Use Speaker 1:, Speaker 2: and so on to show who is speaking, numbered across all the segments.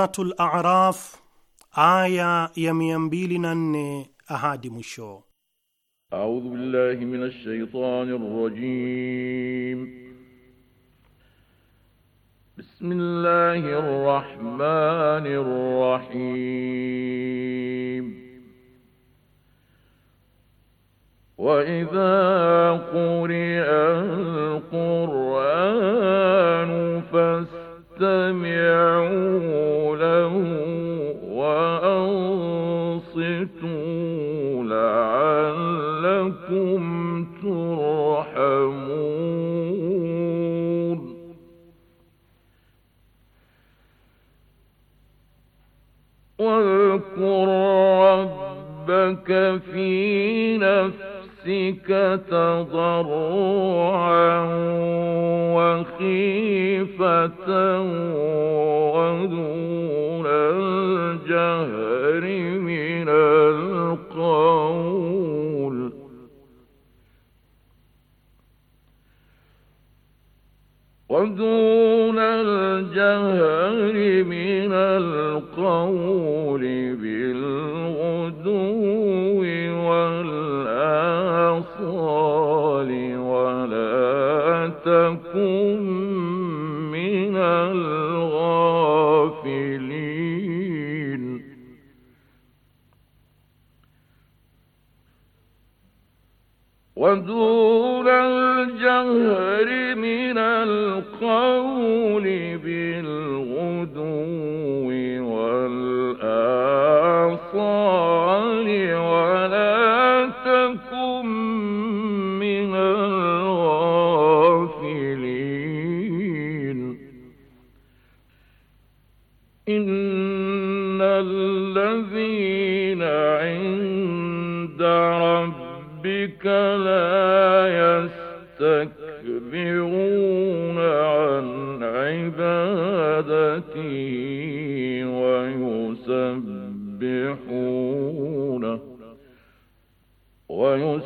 Speaker 1: Suratul Araf aya ya mia mbili na nne ahadi mwisho.
Speaker 2: A'udhu billahi minash shaitani rrajim. Bismillahir rahmanir rahim. وإذا al القرآن فاستمعوا لعلكم ترحمون واذكر ربك في نفسك تضرعا وخيفة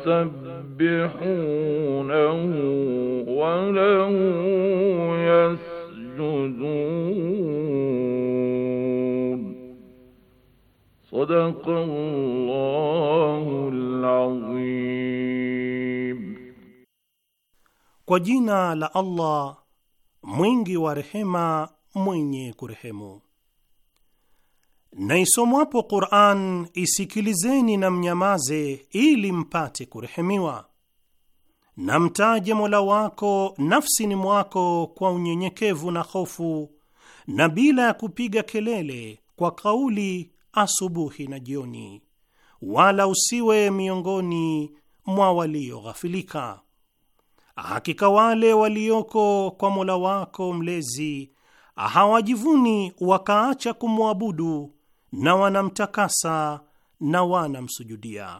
Speaker 2: يسبحونه وله يسجدون صدق
Speaker 1: الله العظيم Kwa jina la Allah mwingi wa rehema mwenye kurehemu. Na isomwapo Qur'an isikilizeni na mnyamaze, ili mpate kurehemiwa. Na mtaje Mola wako nafsini mwako kwa unyenyekevu na hofu, na bila ya kupiga kelele, kwa kauli asubuhi na jioni, wala usiwe miongoni mwa walioghafilika. Hakika wale walioko kwa Mola wako mlezi hawajivuni wakaacha kumwabudu na wanamtakasa na wanamsujudia.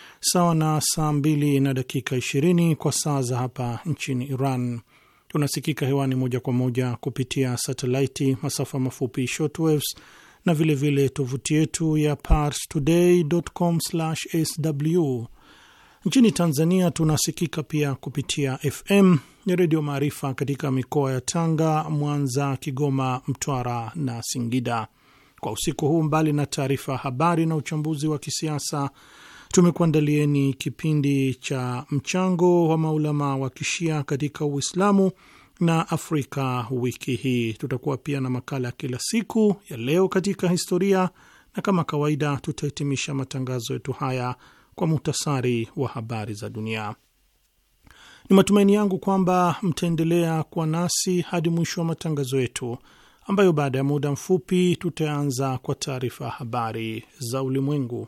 Speaker 1: sawa na saa mbili na dakika 20 kwa saa za hapa nchini Iran. Tunasikika hewani moja kwa moja kupitia satelaiti, masafa mafupi shortwaves na vilevile tovuti yetu ya parstoday.com/sw. Nchini Tanzania tunasikika pia kupitia FM ni Redio Maarifa katika mikoa ya Tanga, Mwanza, Kigoma, Mtwara na Singida. Kwa usiku huu, mbali na taarifa habari na uchambuzi wa kisiasa tumekuandalieni kipindi cha mchango wa maulama wa kishia katika Uislamu na Afrika wiki hii. Tutakuwa pia na makala ya kila siku ya leo katika historia, na kama kawaida tutahitimisha matangazo yetu haya kwa muhtasari wa habari za dunia. Ni matumaini yangu kwamba mtaendelea kuwa nasi hadi mwisho wa matangazo yetu, ambayo baada ya muda mfupi tutaanza kwa taarifa habari za ulimwengu.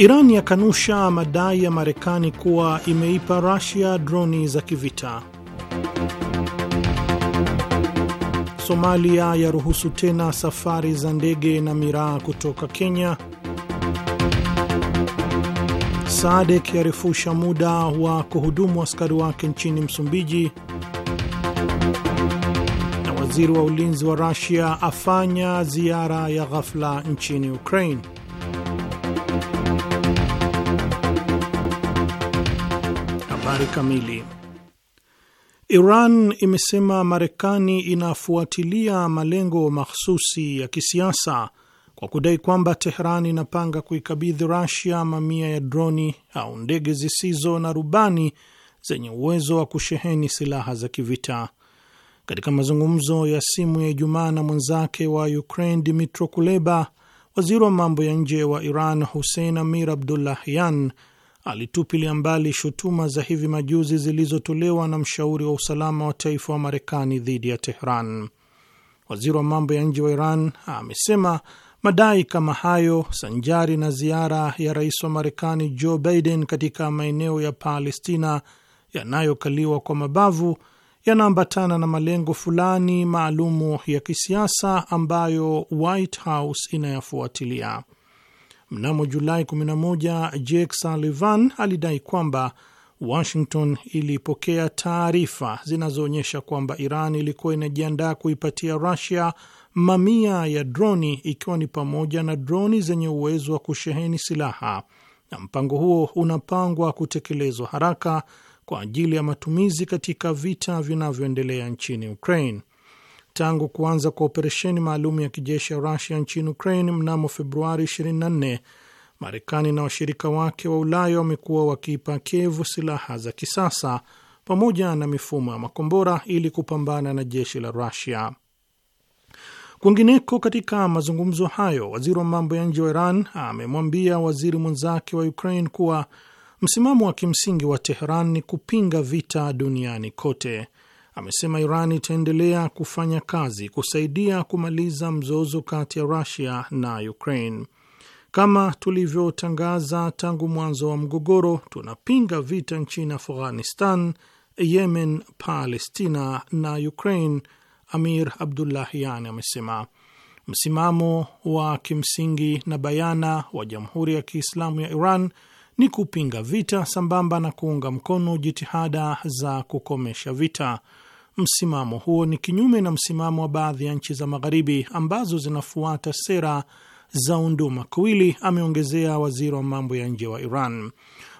Speaker 1: Iran yakanusha madai ya Marekani kuwa imeipa rasia droni za kivita. Somalia yaruhusu tena safari za ndege na miraa kutoka Kenya. Sadek yarefusha muda wa kuhudumu askari wake nchini Msumbiji. Na waziri wa ulinzi wa rusia afanya ziara ya ghafla nchini Ukraine. Habari kamili. Iran imesema Marekani inafuatilia malengo mahsusi ya kisiasa kwa kudai kwamba Tehran inapanga kuikabidhi Rasia mamia ya droni au ndege zisizo na rubani zenye uwezo wa kusheheni silaha za kivita. Katika mazungumzo ya simu ya Ijumaa na mwenzake wa Ukraine dmitro Kuleba, waziri wa mambo ya nje wa Iran Hussein Amir Abdullahian alitupilia mbali shutuma za hivi majuzi zilizotolewa na mshauri wa usalama wa taifa wa Marekani dhidi ya Tehran. Waziri wa mambo ya nje wa Iran amesema madai kama hayo, sanjari na ziara ya rais wa Marekani Joe Biden katika maeneo ya Palestina yanayokaliwa kwa mabavu, yanaambatana na malengo fulani maalumu ya kisiasa ambayo White House inayafuatilia. Mnamo Julai 11 Jake Sullivan alidai kwamba Washington ilipokea taarifa zinazoonyesha kwamba Iran ilikuwa inajiandaa kuipatia Rusia mamia ya droni ikiwa ni pamoja na droni zenye uwezo wa kusheheni silaha, na mpango huo unapangwa kutekelezwa haraka kwa ajili ya matumizi katika vita vinavyoendelea nchini Ukraine tangu kuanza kwa operesheni maalum ya kijeshi ya Rusia nchini Ukraine mnamo Februari 24, Marekani na washirika wake wa Ulaya wamekuwa wakiipa Kievu silaha za kisasa pamoja na mifumo ya makombora ili kupambana na jeshi la Rusia. Kwingineko, katika mazungumzo hayo, waziri wa mambo ya nje wa Iran amemwambia waziri mwenzake wa Ukraine kuwa msimamo wa kimsingi wa Teheran ni kupinga vita duniani kote amesema Iran itaendelea kufanya kazi kusaidia kumaliza mzozo kati ya Rusia na Ukraine. Kama tulivyotangaza tangu mwanzo wa mgogoro, tunapinga vita nchini Afghanistan, Yemen, Palestina na Ukraine, Amir Abdullahian amesema. Msimamo wa kimsingi na bayana wa Jamhuri ya Kiislamu ya Iran ni kupinga vita sambamba na kuunga mkono jitihada za kukomesha vita. Msimamo huo ni kinyume na msimamo wa baadhi ya nchi za Magharibi ambazo zinafuata sera za unduma kuwili, ameongezea waziri wa mambo ya nje wa Iran.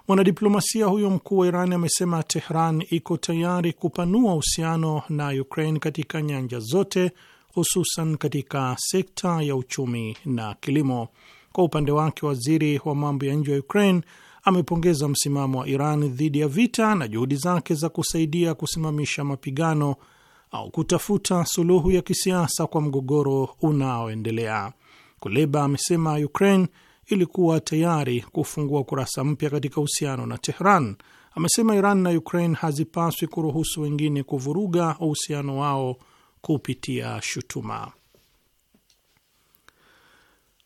Speaker 1: Mwanadiplomasia huyo mkuu wa Iran amesema Tehran iko tayari kupanua uhusiano na Ukraine katika nyanja zote, hususan katika sekta ya uchumi na kilimo. Kwa upande wake, waziri wa mambo ya nje wa Ukraine amepongeza msimamo wa Iran dhidi ya vita na juhudi zake za kusaidia kusimamisha mapigano au kutafuta suluhu ya kisiasa kwa mgogoro unaoendelea. Kuleba amesema Ukraine ilikuwa tayari kufungua kurasa mpya katika uhusiano na Tehran. Amesema Iran na Ukraine hazipaswi kuruhusu wengine kuvuruga uhusiano wao kupitia shutuma.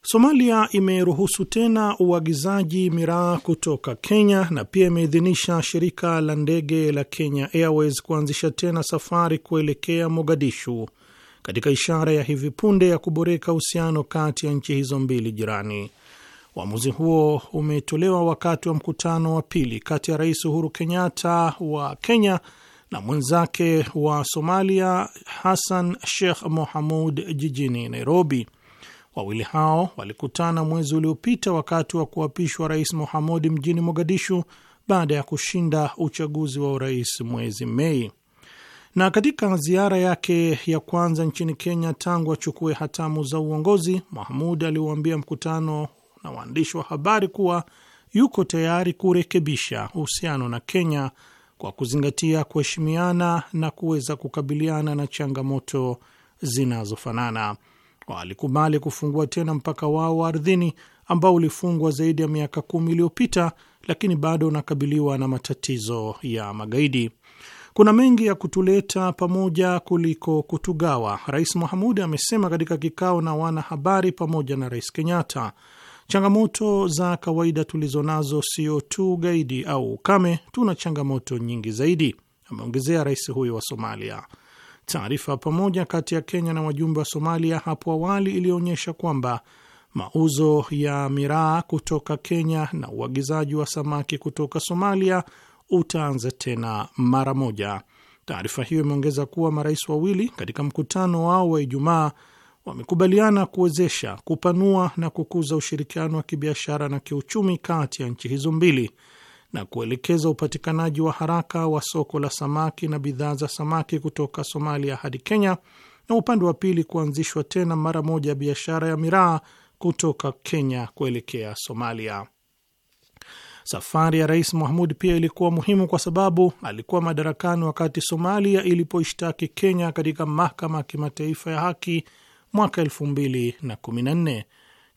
Speaker 1: Somalia imeruhusu tena uagizaji miraa kutoka Kenya na pia imeidhinisha shirika la ndege la Kenya Airways kuanzisha tena safari kuelekea Mogadishu katika ishara ya hivi punde ya kuboreka uhusiano kati ya nchi hizo mbili jirani. Uamuzi huo umetolewa wakati wa mkutano wa pili kati ya Rais Uhuru Kenyatta wa Kenya na mwenzake wa Somalia Hassan Sheikh Mohamud jijini Nairobi. Wawili hao walikutana mwezi uliopita wakati wa kuapishwa Rais Mohamud mjini Mogadishu baada ya kushinda uchaguzi wa urais mwezi Mei. Na katika ziara yake ya kwanza nchini Kenya tangu achukue hatamu za uongozi, Mahmud aliuambia mkutano na waandishi wa habari kuwa yuko tayari kurekebisha uhusiano na Kenya kwa kuzingatia kuheshimiana na kuweza kukabiliana na changamoto zinazofanana walikubali kufungua tena mpaka wao wa ardhini ambao ulifungwa zaidi ya miaka kumi iliyopita, lakini bado unakabiliwa na matatizo ya magaidi. Kuna mengi ya kutuleta pamoja kuliko kutugawa, Rais Mahamudi amesema katika kikao na wanahabari pamoja na Rais Kenyatta. Changamoto za kawaida tulizo nazo sio tu ugaidi au ukame, tuna changamoto nyingi zaidi, ameongezea rais huyo wa Somalia. Taarifa pamoja kati ya Kenya na wajumbe wa Somalia hapo awali ilionyesha kwamba mauzo ya miraa kutoka Kenya na uagizaji wa samaki kutoka Somalia utaanza tena mara moja. Taarifa hiyo imeongeza kuwa marais wawili katika mkutano wao wa Ijumaa wamekubaliana kuwezesha kupanua na kukuza ushirikiano wa kibiashara na kiuchumi kati ya nchi hizo mbili na kuelekeza upatikanaji wa haraka wa soko la samaki na bidhaa za samaki kutoka Somalia hadi Kenya, na upande wa pili kuanzishwa tena mara moja biashara ya miraa kutoka Kenya kuelekea Somalia. Safari ya Rais Mahmud pia ilikuwa muhimu kwa sababu alikuwa madarakani wakati Somalia ilipoishtaki Kenya katika mahakama ya kimataifa ya haki mwaka 2014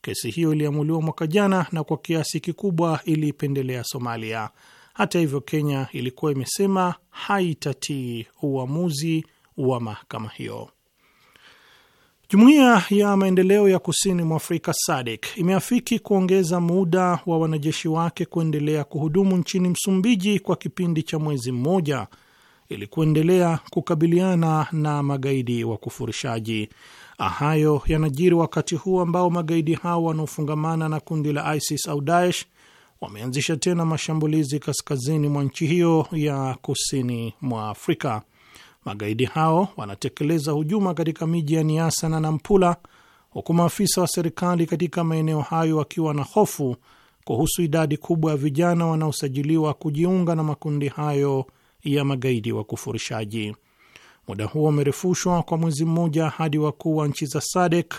Speaker 1: kesi hiyo iliamuliwa mwaka jana na kwa kiasi kikubwa iliipendelea Somalia. Hata hivyo, Kenya ilikuwa imesema haitatii uamuzi wa mahakama hiyo. Jumuiya ya maendeleo ya kusini mwa Afrika SADC imeafiki kuongeza muda wa wanajeshi wake kuendelea kuhudumu nchini Msumbiji kwa kipindi cha mwezi mmoja ili kuendelea kukabiliana na magaidi wa kufurishaji. Hayo yanajiri wakati huu ambao magaidi hao wanaofungamana na kundi la ISIS au Daesh wameanzisha tena mashambulizi kaskazini mwa nchi hiyo ya kusini mwa Afrika. Magaidi hao wanatekeleza hujuma katika miji ya Niasa na Nampula, huku maafisa wa serikali katika maeneo hayo wakiwa na hofu kuhusu idadi kubwa ya vijana wanaosajiliwa kujiunga na makundi hayo ya magaidi wa kufurishaji. Muda huo umerefushwa kwa mwezi mmoja hadi wakuu wa nchi za SADC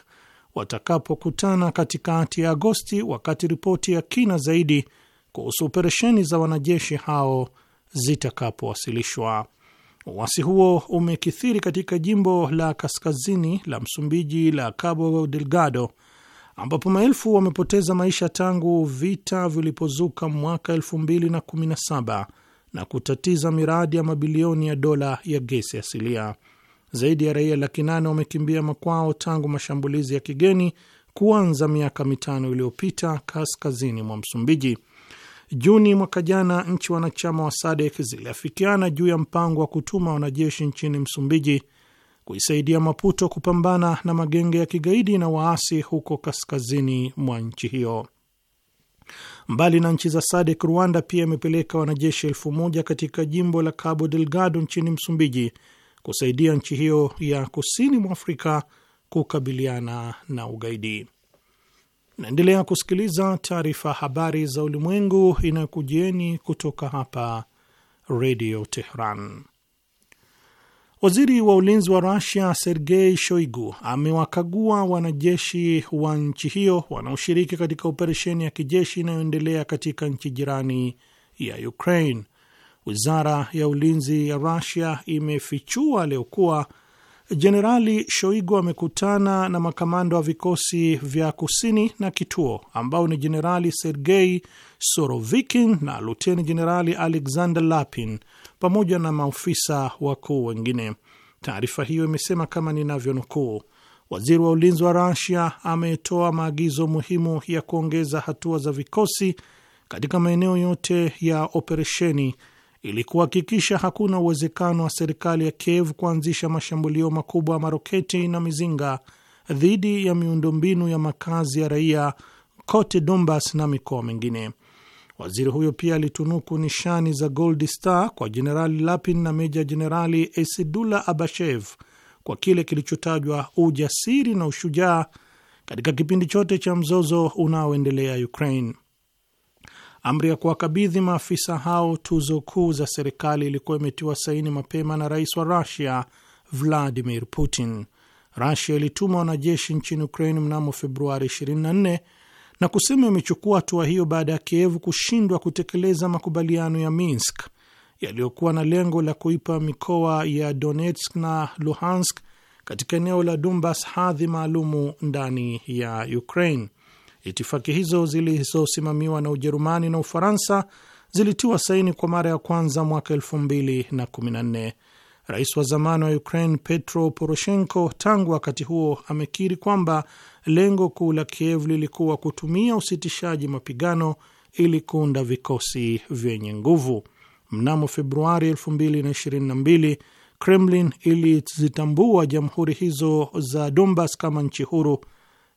Speaker 1: watakapokutana katikati ya Agosti, wakati ripoti ya kina zaidi kuhusu operesheni za wanajeshi hao zitakapowasilishwa. uwasi huo umekithiri katika jimbo la kaskazini la Msumbiji la Cabo Delgado, ambapo maelfu wamepoteza maisha tangu vita vilipozuka mwaka 217 na kutatiza miradi ya mabilioni ya dola ya gesi asilia. Zaidi ya raia laki nane wamekimbia makwao tangu mashambulizi ya kigeni kuanza miaka mitano iliyopita kaskazini mwa Msumbiji. Juni mwaka jana, nchi wanachama wa SADC ziliafikiana juu ya mpango wa kutuma wanajeshi nchini Msumbiji kuisaidia Maputo kupambana na magenge ya kigaidi na waasi huko kaskazini mwa nchi hiyo. Mbali na nchi za SADC, Rwanda pia imepeleka wanajeshi elfu moja katika jimbo la Cabo Delgado nchini Msumbiji kusaidia nchi hiyo ya kusini mwa Afrika kukabiliana na ugaidi. Naendelea kusikiliza taarifa habari za ulimwengu inayokujieni kutoka hapa Redio Tehran. Waziri wa ulinzi wa Rusia Sergei Shoigu amewakagua wanajeshi wa nchi hiyo wanaoshiriki katika operesheni ya kijeshi inayoendelea katika nchi jirani ya Ukraine. Wizara ya ulinzi ya Rusia imefichua leo kuwa Jenerali Shoigu amekutana na makamanda wa vikosi vya kusini na kituo ambao ni Jenerali Sergei Sorovikin na Luteni Jenerali Alexander Lapin pamoja na maofisa wakuu wengine. Taarifa hiyo imesema kama ninavyonukuu, waziri wa ulinzi wa Rasia ametoa maagizo muhimu ya kuongeza hatua za vikosi katika maeneo yote ya operesheni ili kuhakikisha hakuna uwezekano wa serikali ya Kiev kuanzisha mashambulio makubwa ya maroketi na mizinga dhidi ya miundombinu ya makazi ya raia kote Donbas na mikoa mingine. Waziri huyo pia alitunuku nishani za Gold Star kwa Jenerali Lapin na Meja Jenerali Esidula Abashev kwa kile kilichotajwa ujasiri na ushujaa katika kipindi chote cha mzozo unaoendelea Ukraine. Amri ya kuwakabidhi maafisa hao tuzo kuu za serikali ilikuwa imetiwa saini mapema na rais wa Rusia Vladimir Putin. Rusia ilituma wanajeshi nchini Ukraine mnamo Februari 24 na kusema imechukua hatua hiyo baada ya Kievu kushindwa kutekeleza makubaliano ya Minsk yaliyokuwa na lengo la kuipa mikoa ya Donetsk na Luhansk katika eneo la Donbas hadhi maalumu ndani ya Ukraine. Itifaki hizo zilizosimamiwa na Ujerumani na Ufaransa zilitiwa saini kwa mara ya kwanza mwaka nne. Rais wa zamani wa Ukraine Petro Poroshenko tangu wakati huo amekiri kwamba lengo kuu la Kiev lilikuwa kutumia usitishaji mapigano ili kuunda vikosi vyenye nguvu. Mnamo Februari 2022 Kremlin ilizitambua jamhuri hizo za Donbas kama nchi huru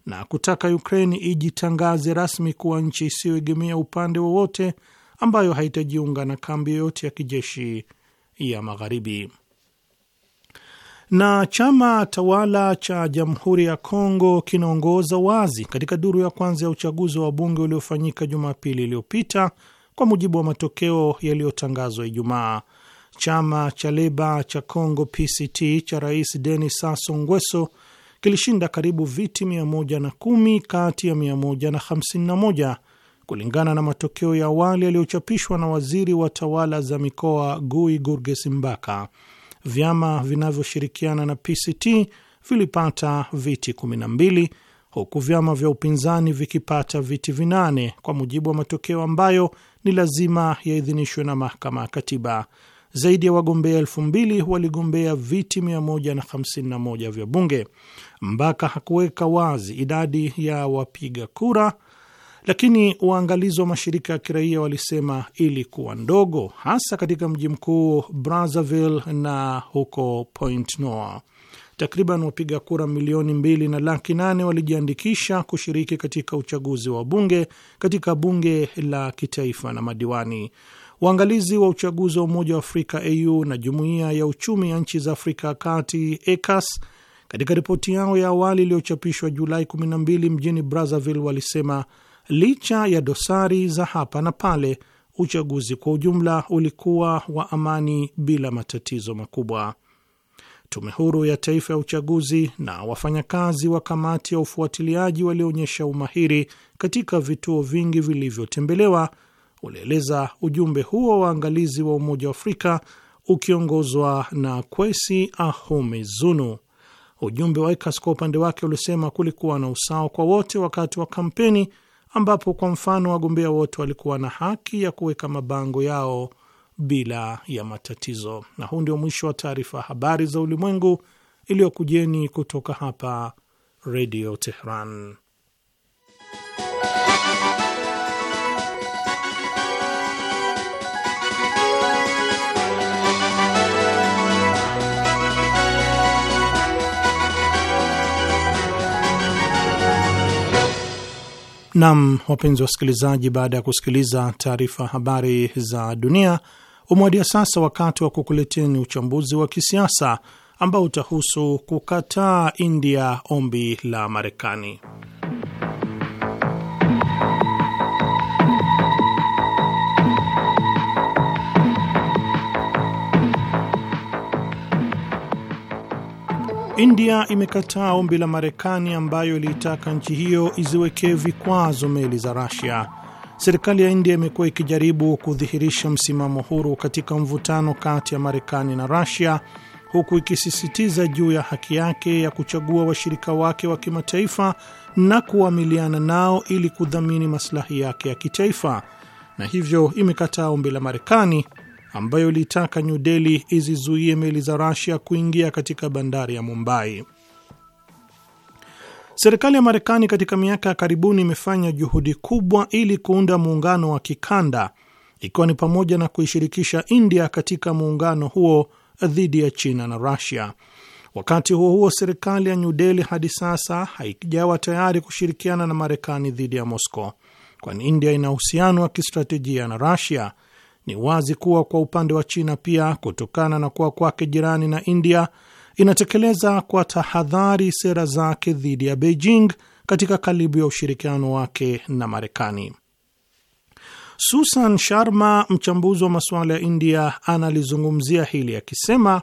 Speaker 1: na kutaka Ukraini ijitangaze rasmi kuwa nchi isiyoegemea upande wowote, ambayo haitajiunga na kambi yoyote ya kijeshi ya Magharibi na chama tawala cha Jamhuri ya Kongo kinaongoza wazi katika duru ya kwanza ya uchaguzi wa bunge uliofanyika Jumapili iliyopita kwa mujibu wa matokeo yaliyotangazwa Ijumaa. Chama cha Leba cha congo PCT cha Rais Denis Sassou Nguesso kilishinda karibu viti 110 kati ya 151 kulingana na matokeo ya awali yaliyochapishwa na waziri wa tawala za mikoa Gui Gurgesimbaka vyama vinavyoshirikiana na PCT vilipata viti 12 huku vyama vya upinzani vikipata viti vinane kwa mujibu wa matokeo ambayo ni lazima yaidhinishwe na mahakama ya katiba. Zaidi ya wagombea elfu mbili waligombea viti 151 vya bunge. Mbaka hakuweka wazi idadi ya wapiga kura lakini waangalizi wa mashirika ya kiraia walisema ilikuwa ndogo, hasa katika mji mkuu Brazzaville na huko Point Noire. Takriban wapiga kura milioni mbili na laki nane walijiandikisha kushiriki katika uchaguzi wa bunge katika bunge la kitaifa na madiwani. Waangalizi wa uchaguzi wa Umoja wa Afrika AU na Jumuiya ya Uchumi ya Nchi za Afrika ya Kati ECAS katika ripoti yao ya awali iliyochapishwa Julai 12 mjini Brazzaville walisema licha ya dosari za hapa na pale, uchaguzi kwa ujumla ulikuwa wa amani bila matatizo makubwa. Tume Huru ya Taifa ya Uchaguzi na wafanyakazi wa kamati ya ufuatiliaji walioonyesha umahiri katika vituo vingi vilivyotembelewa ulieleza ujumbe huo waangalizi wa Umoja wa Afrika ukiongozwa na Kwesi Ahume Zunu. Ujumbe wa ECOWAS kwa upande wake ulisema kulikuwa na usawa kwa wote wakati wa kampeni ambapo kwa mfano wagombea wote walikuwa na haki ya kuweka mabango yao bila ya matatizo. Na huu ndio mwisho wa taarifa ya habari za ulimwengu iliyokujeni kutoka hapa Redio Tehran. Nam, wapenzi wasikilizaji, baada ya kusikiliza taarifa habari za dunia, umewadia sasa wakati wa kukuleteni uchambuzi wa kisiasa ambao utahusu kukataa India ombi la Marekani. India imekataa ombi la Marekani ambayo iliitaka nchi hiyo iziwekee vikwazo meli za Rasia. Serikali ya India imekuwa ikijaribu kudhihirisha msimamo huru katika mvutano kati ya Marekani na Rasia, huku ikisisitiza juu ya haki yake ya kuchagua washirika wake wa kimataifa na kuamiliana nao ili kudhamini maslahi yake ya kitaifa, na hivyo imekataa ombi la Marekani ambayo ilitaka New Delhi izizuie meli za Russia kuingia katika bandari ya Mumbai. Serikali ya Marekani katika miaka ya karibuni imefanya juhudi kubwa ili kuunda muungano wa kikanda, ikiwa ni pamoja na kuishirikisha India katika muungano huo dhidi ya China na Russia. Wakati huo huo, serikali ya New Delhi hadi sasa haijawa tayari kushirikiana na Marekani dhidi ya Moscow, kwani India ina uhusiano wa kistratejia na Russia ni wazi kuwa kwa upande wa China pia, kutokana na kuwa kwake jirani na India, inatekeleza kwa tahadhari sera zake dhidi ya Beijing katika kalibu ya ushirikiano wake na Marekani. Susan Sharma, mchambuzi wa masuala ya India, analizungumzia hili akisema,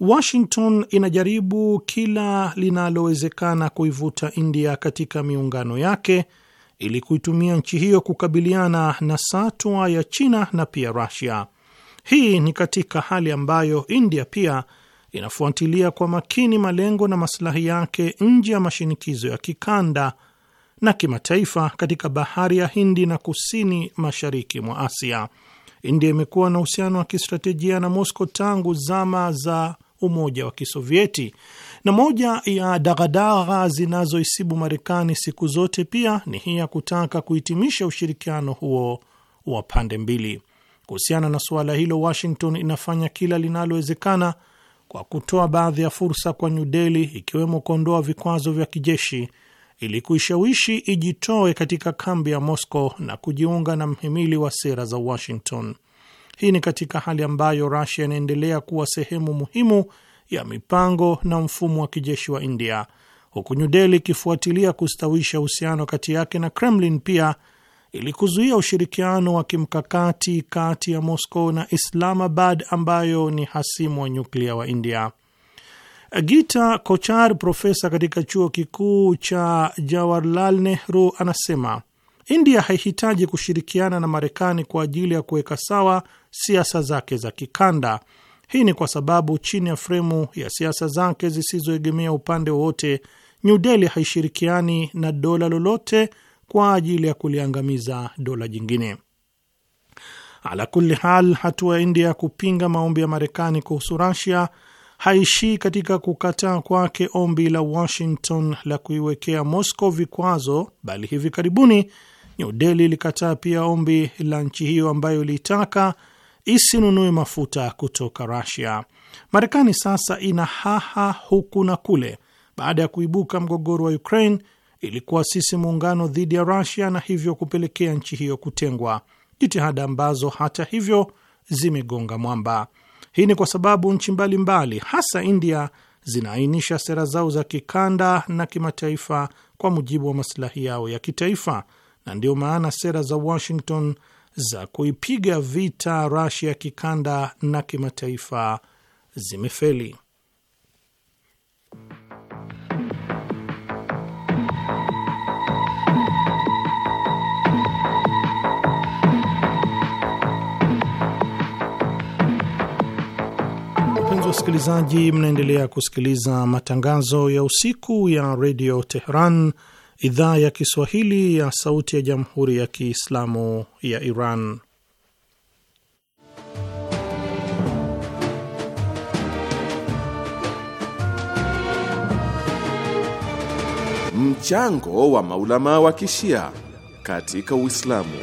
Speaker 1: Washington inajaribu kila linalowezekana kuivuta India katika miungano yake ili kuitumia nchi hiyo kukabiliana na satwa ya China na pia rasia Hii ni katika hali ambayo India pia inafuatilia kwa makini malengo na masilahi yake nje ya mashinikizo ya kikanda na kimataifa katika bahari ya Hindi na kusini mashariki mwa Asia. India imekuwa na uhusiano wa kistratejia na Moscow tangu zama za Umoja wa Kisovieti na moja ya daghadagha zinazoisibu Marekani siku zote pia ni hii ya kutaka kuhitimisha ushirikiano huo wa pande mbili. Kuhusiana na suala hilo, Washington inafanya kila linalowezekana kwa kutoa baadhi ya fursa kwa New Delhi, ikiwemo kuondoa vikwazo vya kijeshi ili kuishawishi ijitoe katika kambi ya Moscow na kujiunga na mhimili wa sera za Washington. Hii ni katika hali ambayo Russia inaendelea kuwa sehemu muhimu ya mipango na mfumo wa kijeshi wa India, huku New Delhi ikifuatilia kustawisha uhusiano kati yake na Kremlin pia ili kuzuia ushirikiano wa kimkakati kati ya Moscow na Islamabad ambayo ni hasimu wa nyuklia wa India. Gita Kochar, profesa katika chuo kikuu cha Jawaharlal Nehru, anasema India haihitaji kushirikiana na Marekani kwa ajili ya kuweka sawa siasa zake za kikanda, hii ni kwa sababu chini ya fremu ya siasa zake zisizoegemea upande wowote, New Delhi haishirikiani na dola lolote kwa ajili ya kuliangamiza dola jingine. Ala kulli hal, hatua ya India ya kupinga maombi ya Marekani kuhusu Rasia haishii katika kukataa kwake ombi la Washington la kuiwekea Moscow vikwazo, bali hivi karibuni New Delhi ilikataa pia ombi la nchi hiyo ambayo iliitaka isinunue mafuta kutoka rasia Marekani sasa ina haha huku na kule baada ya kuibuka mgogoro wa Ukraine ili kuasisi muungano dhidi ya rasia na hivyo kupelekea nchi hiyo kutengwa, jitihada ambazo hata hivyo zimegonga mwamba. Hii ni kwa sababu nchi mbalimbali hasa India zinaainisha sera zao za kikanda na kimataifa kwa mujibu wa masilahi yao ya kitaifa, na ndiyo maana sera za Washington za kuipiga vita Rasia kikanda na kimataifa zimefeli. Wasikilizaji, mnaendelea kusikiliza matangazo ya usiku ya redio Teheran, idhaa ya Kiswahili ya Sauti ya Jamhuri ya Kiislamu ya Iran.
Speaker 3: Mchango wa maulama wa kishia katika Uislamu.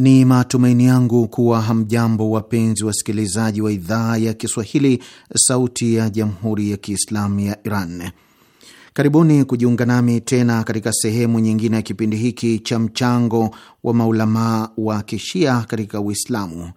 Speaker 4: Ni matumaini yangu kuwa hamjambo, wapenzi wasikilizaji wa idhaa ya Kiswahili, Sauti ya Jamhuri ya Kiislamu ya Iran. Karibuni kujiunga nami tena katika sehemu nyingine ya kipindi hiki cha mchango wa maulamaa wa kishia katika Uislamu.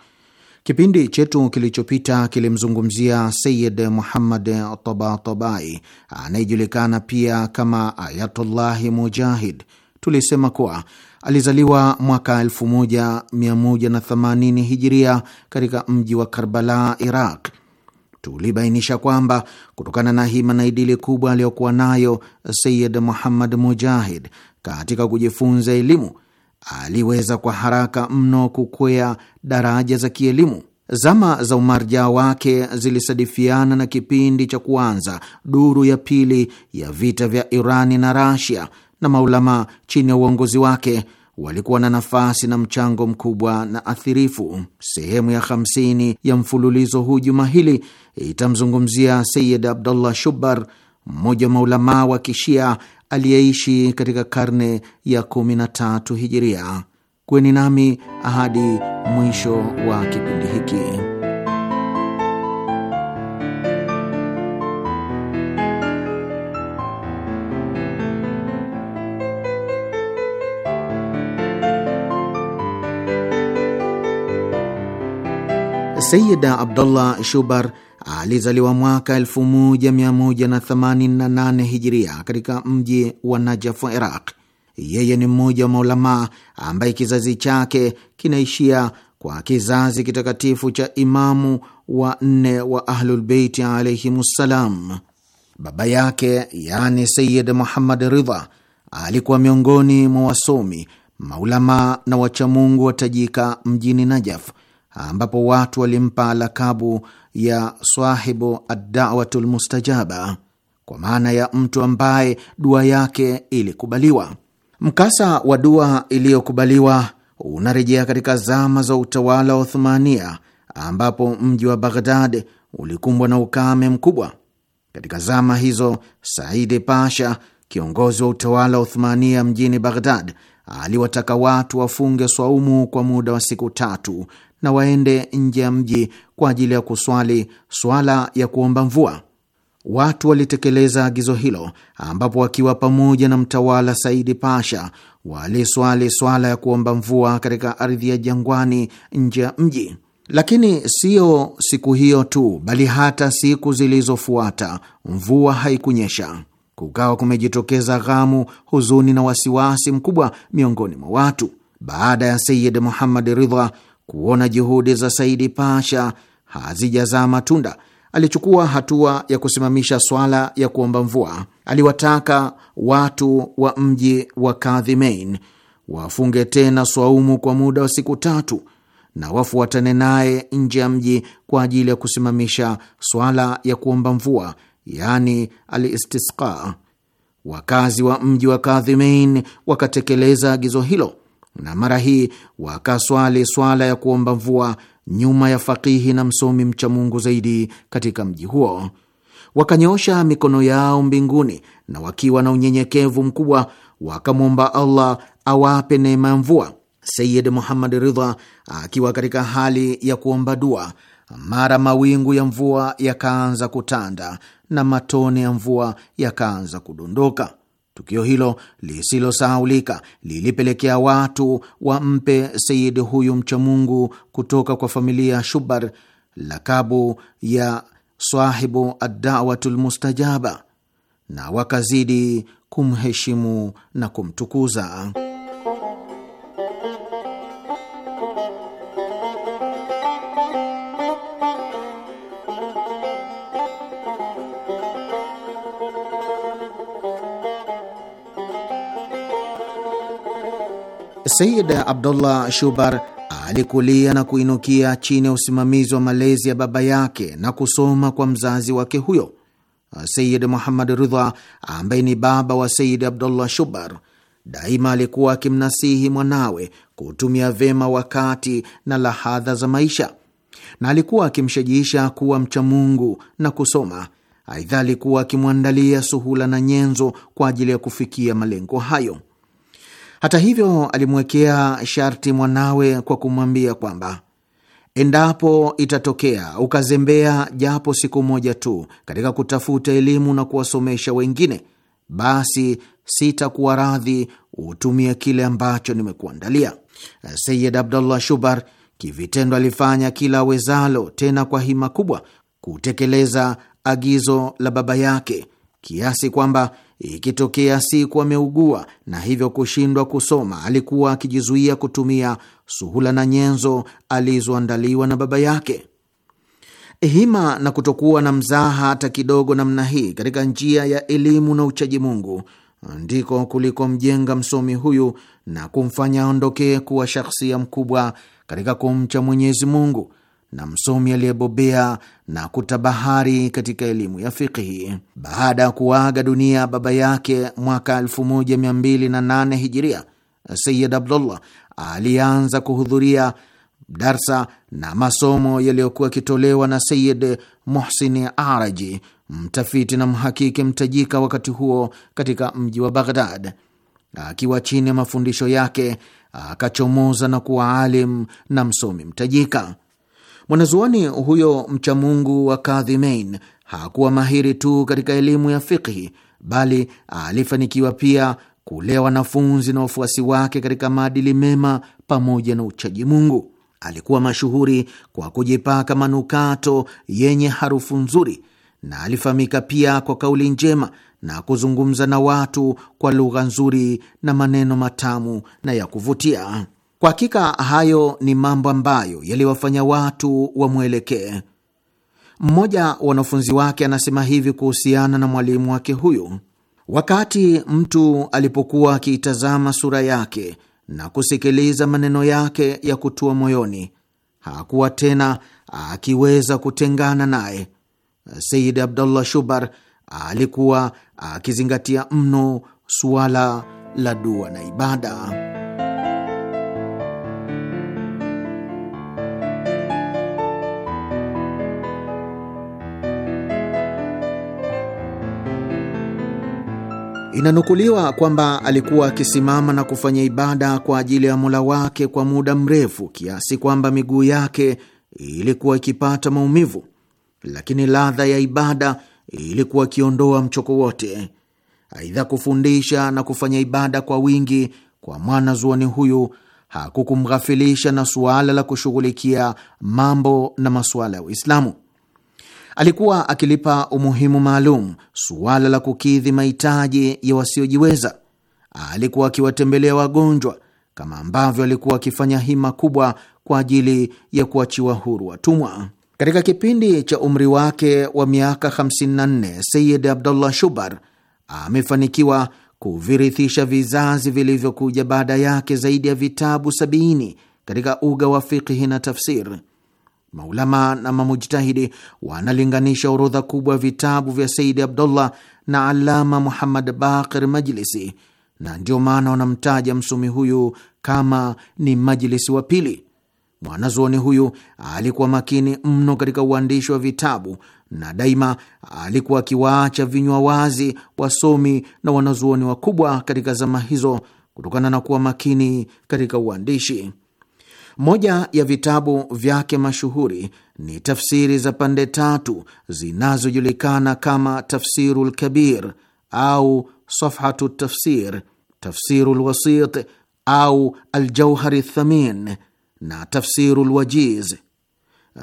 Speaker 4: Kipindi chetu kilichopita kilimzungumzia Sayid Muhammad Tabatabai anayejulikana pia kama Ayatullahi Mujahid. Tulisema kuwa Alizaliwa mwaka 1180 hijiria katika mji wa Karbala, Iraq. Tulibainisha kwamba kutokana na hima na idili kubwa aliyokuwa nayo Sayid Muhammad Mujahid katika kujifunza elimu, aliweza kwa haraka mno kukwea daraja za kielimu. Zama za umarjaa wake zilisadifiana na kipindi cha kuanza duru ya pili ya vita vya Irani na Rasia na maulamaa chini ya uongozi wake walikuwa na nafasi na mchango mkubwa na athirifu. Sehemu ya 50 ya mfululizo huu juma hili itamzungumzia Sayid Abdullah Shubar, mmoja wa maulamaa wa kishia aliyeishi katika karne ya 13 hijiria. Kuweni nami ahadi mwisho wa kipindi hiki. Sayida Abdullah Shubar alizaliwa mwaka 1188 Hijiria katika mji wa Najaf wa Iraq. Yeye ni mmoja wa maulamaa ambaye kizazi chake kinaishia kwa kizazi kitakatifu cha imamu wa nne wa Ahlulbeiti alaihimussalam. Baba yake yani Sayid Muhammad Ridha alikuwa miongoni mwa wasomi, maulamaa na wachamungu watajika mjini Najaf ambapo watu walimpa lakabu ya swahibu Adawatu lmustajaba, kwa maana ya mtu ambaye dua yake ilikubaliwa. Mkasa wa dua iliyokubaliwa unarejea katika zama za utawala wa Uthumania, ambapo mji wa Baghdad ulikumbwa na ukame mkubwa. Katika zama hizo, Saidi Pasha, kiongozi wa utawala wa Uthumania mjini Baghdad, aliwataka watu wafunge swaumu kwa muda wa siku tatu na waende nje ya mji kwa ajili ya kuswali swala ya kuomba mvua. Watu walitekeleza agizo hilo, ambapo wakiwa pamoja na mtawala Saidi Pasha waliswali swala ya kuomba mvua katika ardhi ya jangwani nje ya mji. Lakini siyo siku hiyo tu, bali hata siku zilizofuata mvua haikunyesha. Kukawa kumejitokeza ghamu, huzuni na wasiwasi mkubwa miongoni mwa watu. Baada ya Sayid Muhammad Ridha kuona juhudi za Saidi Pasha hazijazaa matunda, alichukua hatua ya kusimamisha swala ya kuomba mvua. Aliwataka watu wa mji wa Kadhimain wafunge tena swaumu kwa muda wa siku tatu na wafuatane naye nje ya mji kwa ajili ya kusimamisha swala ya kuomba mvua, yani alistisqa. Wakazi wa mji wa Kadhimain wakatekeleza agizo hilo na mara hii wakaswali swala ya kuomba mvua nyuma ya fakihi na msomi mcha Mungu zaidi katika mji huo. Wakanyoosha mikono yao mbinguni na wakiwa na unyenyekevu mkubwa wakamwomba Allah awape neema ya mvua. Sayid Muhammad Ridha akiwa katika hali ya kuomba dua, mara mawingu ya mvua yakaanza kutanda na matone ya mvua yakaanza kudondoka. Tukio hilo lisilosahaulika lilipelekea watu wampe Sayid huyu mchamungu kutoka kwa familia ya Shubar lakabu ya swahibu adawatu lmustajaba, na wakazidi kumheshimu na kumtukuza. Sayid Abdullah Shubar alikulia na kuinukia chini ya usimamizi wa malezi ya baba yake na kusoma kwa mzazi wake huyo. Sayid Muhammad Ridha, ambaye ni baba wa Sayid Abdullah Shubar, daima alikuwa akimnasihi mwanawe kutumia vyema wakati na lahadha za maisha, na alikuwa akimshajiisha kuwa mcha Mungu na kusoma. Aidha, alikuwa akimwandalia suhula na nyenzo kwa ajili ya kufikia malengo hayo. Hata hivyo, alimwekea sharti mwanawe kwa kumwambia kwamba endapo itatokea ukazembea japo siku moja tu katika kutafuta elimu na kuwasomesha wengine, basi sitakuwa radhi utumie kile ambacho nimekuandalia. Sayid Abdullah Shubar kivitendo alifanya kila awezalo, tena kwa hima kubwa, kutekeleza agizo la baba yake kiasi kwamba Ikitokea siku ameugua na hivyo kushindwa kusoma, alikuwa akijizuia kutumia suhula na nyenzo alizoandaliwa na baba yake. Hima na kutokuwa na mzaha hata kidogo namna hii katika njia ya elimu na uchaji Mungu ndiko kulikomjenga msomi huyu na kumfanya aondokee kuwa shakhsia mkubwa katika kumcha Mwenyezi Mungu na msomi aliyebobea na kutabahari katika elimu ya fikihi. Baada ya kuaga dunia baba yake mwaka 1208 Hijiria, Sayid Abdullah alianza kuhudhuria darsa na masomo yaliyokuwa yakitolewa na Sayid Muhsin Araji, mtafiti na mhakiki mtajika wakati huo katika mji wa Baghdad. Akiwa chini ya mafundisho yake akachomoza na kuwa alim na msomi mtajika. Mwanazuoni huyo mchamungu wa Kadhimain hakuwa mahiri tu katika elimu ya fikhi bali alifanikiwa pia kulea wanafunzi na wafuasi wake katika maadili mema pamoja na uchaji Mungu. Alikuwa mashuhuri kwa kujipaka manukato yenye harufu nzuri na alifahamika pia kwa kauli njema na kuzungumza na watu kwa lugha nzuri na maneno matamu na ya kuvutia. Kwa hakika hayo ni mambo ambayo yaliwafanya watu wamwelekee. Mmoja wa wanafunzi wake anasema hivi kuhusiana na mwalimu wake huyu: wakati mtu alipokuwa akiitazama sura yake na kusikiliza maneno yake ya kutua moyoni, hakuwa tena akiweza kutengana naye. Sayid Abdullah Shubar alikuwa akizingatia mno suala la dua na ibada. Inanukuliwa kwamba alikuwa akisimama na kufanya ibada kwa ajili ya Mola wake kwa muda mrefu kiasi kwamba miguu yake ilikuwa ikipata maumivu, lakini ladha ya ibada ilikuwa ikiondoa mchoko wote. Aidha, kufundisha na kufanya ibada kwa wingi kwa mwana zuoni huyu hakukumghafilisha na suala la kushughulikia mambo na masuala ya Uislamu. Alikuwa akilipa umuhimu maalum suala la kukidhi mahitaji ya wasiojiweza. Alikuwa akiwatembelea wagonjwa, kama ambavyo alikuwa akifanya hima kubwa kwa ajili ya kuachiwa huru watumwa. Katika kipindi cha umri wake wa miaka 54 Sayid Abdullah Shubar amefanikiwa kuvirithisha vizazi vilivyokuja baada yake zaidi ya vitabu 70 katika uga wa fikhi na tafsir. Maulama na mamujtahidi wanalinganisha orodha kubwa ya vitabu vya Saidi Abdullah na Alama Muhammad Baqir Majlisi, na ndio maana wanamtaja msomi huyu kama ni Majlisi wa pili. Mwanazuoni huyu alikuwa makini mno katika uandishi wa vitabu na daima alikuwa akiwaacha vinywa wazi wasomi na wanazuoni wakubwa katika zama hizo kutokana na kuwa makini katika uandishi. Moja ya vitabu vyake mashuhuri ni tafsiri za pande tatu zinazojulikana kama Tafsiru Lkabir au Safhatu Tafsir, Tafsiru Lwasit au Aljauhari Thamin na Tafsiru Lwajiz.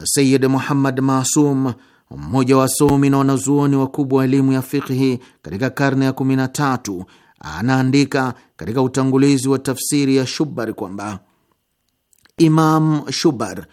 Speaker 4: Sayid Muhammad Masum, mmoja wa somi na wanazuoni wakubwa wa elimu ya fikhi katika karne ya 13, anaandika katika utangulizi wa tafsiri ya Shubari kwamba Imam Shubar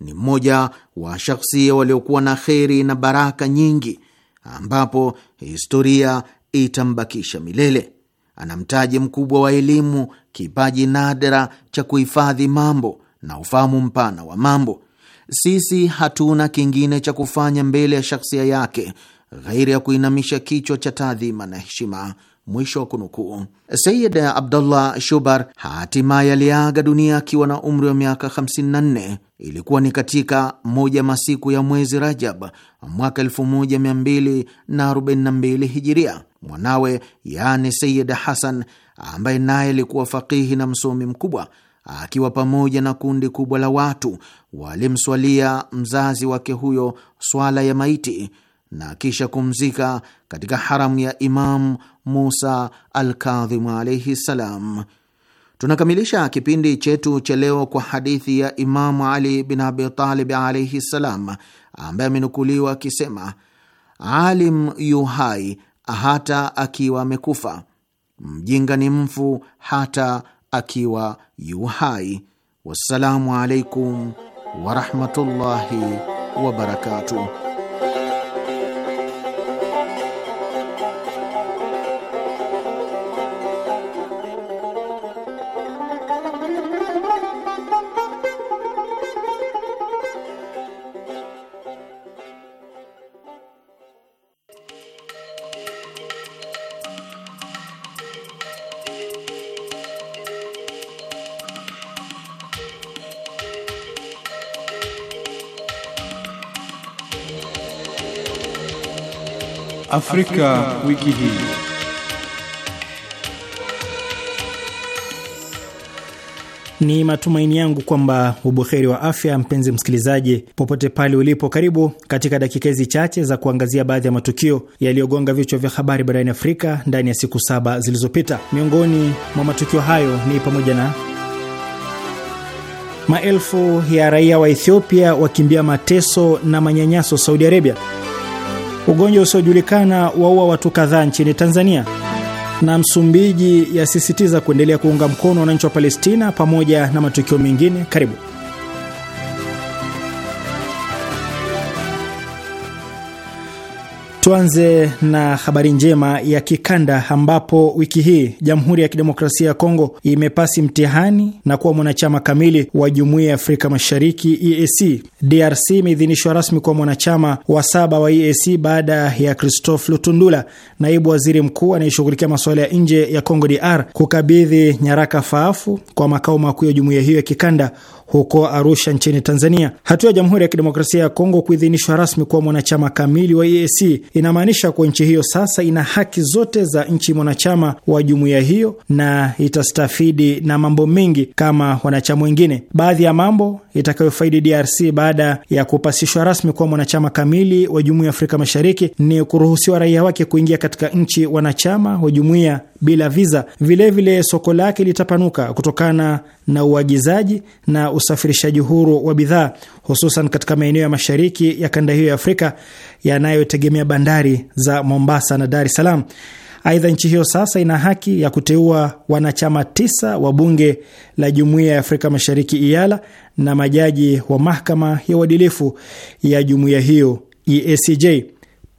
Speaker 4: ni mmoja wa shakhsia waliokuwa na kheri na baraka nyingi, ambapo historia itambakisha milele. Ana mtaji mkubwa wa elimu, kipaji nadra cha kuhifadhi mambo na ufahamu mpana wa mambo. Sisi hatuna kingine cha kufanya mbele ya shakhsia yake ghairi ya kuinamisha kichwa cha taadhima na heshima Mwisho wa kunukuu. Sayid Abdullah Shubar hatimaye aliaga dunia akiwa na umri wa miaka 54. Ilikuwa ni katika moja masiku ya mwezi Rajab mwaka 1242 Hijiria. Mwanawe yaani Sayid Hasan, ambaye naye alikuwa fakihi na msomi mkubwa, akiwa pamoja na kundi kubwa la watu, walimswalia mzazi wake huyo swala ya maiti na kisha kumzika katika haramu ya Imam Musa Alkadhimu alaihi ssalam. Tunakamilisha kipindi chetu cha leo kwa hadithi ya Imamu Ali bin Abitalib alaihi ssalam, ambaye amenukuliwa akisema, alim yu hai hata akiwa amekufa, mjinga ni mfu hata akiwa yu hai. Wassalamu alaikum warahmatullahi wabarakatuh.
Speaker 3: Afrika, wiki hii.
Speaker 5: Ni matumaini yangu kwamba ubuheri wa afya, mpenzi msikilizaji, popote pale ulipo. Karibu katika dakika hizi chache za kuangazia baadhi ya matukio yaliyogonga vichwa vya habari barani Afrika ndani ya siku saba zilizopita. Miongoni mwa matukio hayo ni pamoja na maelfu ya raia wa Ethiopia wakimbia mateso na manyanyaso Saudi Arabia. Ugonjwa usiojulikana waua watu kadhaa nchini Tanzania, na Msumbiji yasisitiza kuendelea kuunga mkono wananchi wa Palestina, pamoja na matukio mengine. Karibu. Tuanze na habari njema ya kikanda ambapo wiki hii Jamhuri ya Kidemokrasia ya Kongo imepasi mtihani na kuwa mwanachama kamili wa Jumuiya ya Afrika Mashariki EAC. DRC imeidhinishwa rasmi kuwa mwanachama wa saba wa EAC baada ya Christophe Lutundula, naibu waziri mkuu anayeshughulikia masuala ya nje ya Kongo DR, kukabidhi nyaraka faafu kwa makao makuu ya jumuiya hiyo ya kikanda huko Arusha nchini Tanzania. Hatua ya Jamhuri ya Kidemokrasia ya Kongo kuidhinishwa rasmi kuwa mwanachama kamili wa EAC Inamaanisha kuwa nchi hiyo sasa ina haki zote za nchi mwanachama wa jumuiya hiyo na itastafidi na mambo mengi kama wanachama wengine. Baadhi ya mambo itakayofaidi DRC baada ya kupasishwa rasmi kuwa mwanachama kamili wa jumuiya ya Afrika Mashariki ni kuruhusiwa raia wake kuingia katika nchi wanachama wa jumuiya bila viza. Vilevile soko lake litapanuka kutokana na uagizaji na usafirishaji huru wa bidhaa, hususan katika maeneo ya mashariki ya kanda hiyo ya Afrika yanayotegemea bandari za Mombasa na Dar es Salaam. Aidha, nchi hiyo sasa ina haki ya kuteua wanachama tisa wa bunge la jumuiya ya Afrika Mashariki iala na majaji wa mahakama ya uadilifu ya jumuiya hiyo EACJ.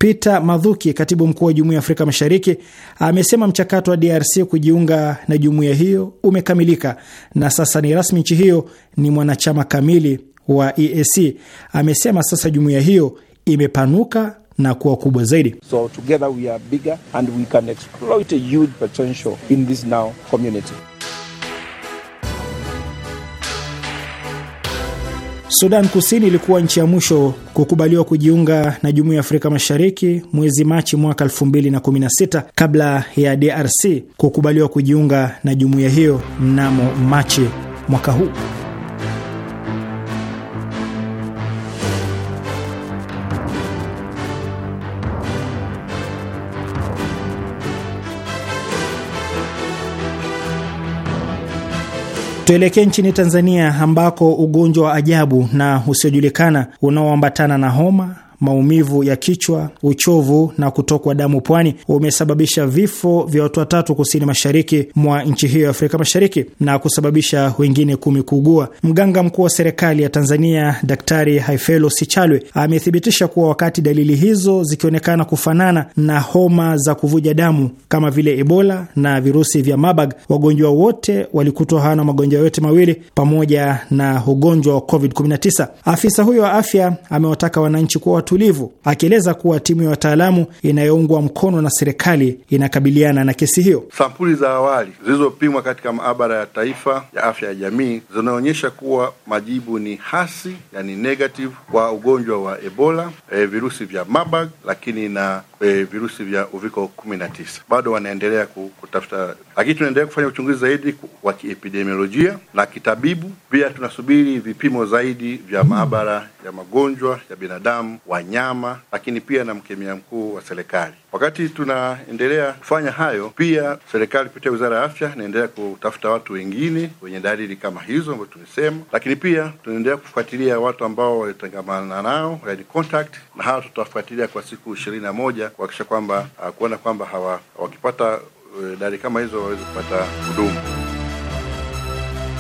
Speaker 5: Peter madhuki katibu mkuu wa Jumuiya ya Afrika Mashariki, amesema mchakato wa DRC kujiunga na jumuiya hiyo umekamilika na sasa ni rasmi, nchi hiyo ni mwanachama kamili wa EAC. Amesema sasa jumuiya hiyo imepanuka na kuwa kubwa zaidi.
Speaker 3: So together we are bigger and we can exploit a huge potential in this now community.
Speaker 5: Sudan Kusini ilikuwa nchi ya mwisho kukubaliwa kujiunga na Jumuiya ya Afrika Mashariki mwezi Machi mwaka 2016 kabla ya DRC kukubaliwa kujiunga na jumuiya hiyo mnamo Machi mwaka huu. Tuelekee nchini Tanzania ambako ugonjwa wa ajabu na usiojulikana unaoambatana na homa maumivu ya kichwa, uchovu na kutokwa damu pwani umesababisha vifo vya watu watatu kusini mashariki mwa nchi hiyo ya Afrika Mashariki na kusababisha wengine kumi kuugua. Mganga mkuu wa serikali ya Tanzania Daktari Haifelo Sichalwe amethibitisha kuwa wakati dalili hizo zikionekana kufanana na homa za kuvuja damu kama vile Ebola na virusi vya Marburg, wagonjwa wote walikutwa hawana magonjwa yote mawili pamoja na ugonjwa wa COVID-19. Afisa huyo wa afya amewataka wananchi kuwa watu utulivu, akieleza kuwa timu ya wataalamu inayoungwa mkono na serikali inakabiliana na kesi hiyo.
Speaker 3: Sampuli za awali zilizopimwa katika maabara ya taifa ya afya ya jamii zinaonyesha kuwa majibu ni hasi, yani negative, kwa ugonjwa wa Ebola, e, virusi vya Marburg, lakini na e, virusi vya uviko 19. Bado wanaendelea kutafuta, lakini tunaendelea kufanya uchunguzi zaidi wa kiepidemiolojia na kitabibu. Pia tunasubiri vipimo zaidi vya maabara ya magonjwa ya binadamu wanyama, lakini pia na mkemia mkuu wa serikali. Wakati tunaendelea kufanya hayo, pia serikali kupitia wizara ya afya inaendelea kutafuta watu wengine wenye dalili kama hizo ambayo tumesema, lakini pia tunaendelea kufuatilia watu ambao walitengamana nao, yani contact, na hawa tutawafuatilia kwa siku ishirini na moja kuhakikisha kwamba ah, kuona kwamba hawa wakipata eh, dari kama hizo waweze kupata huduma.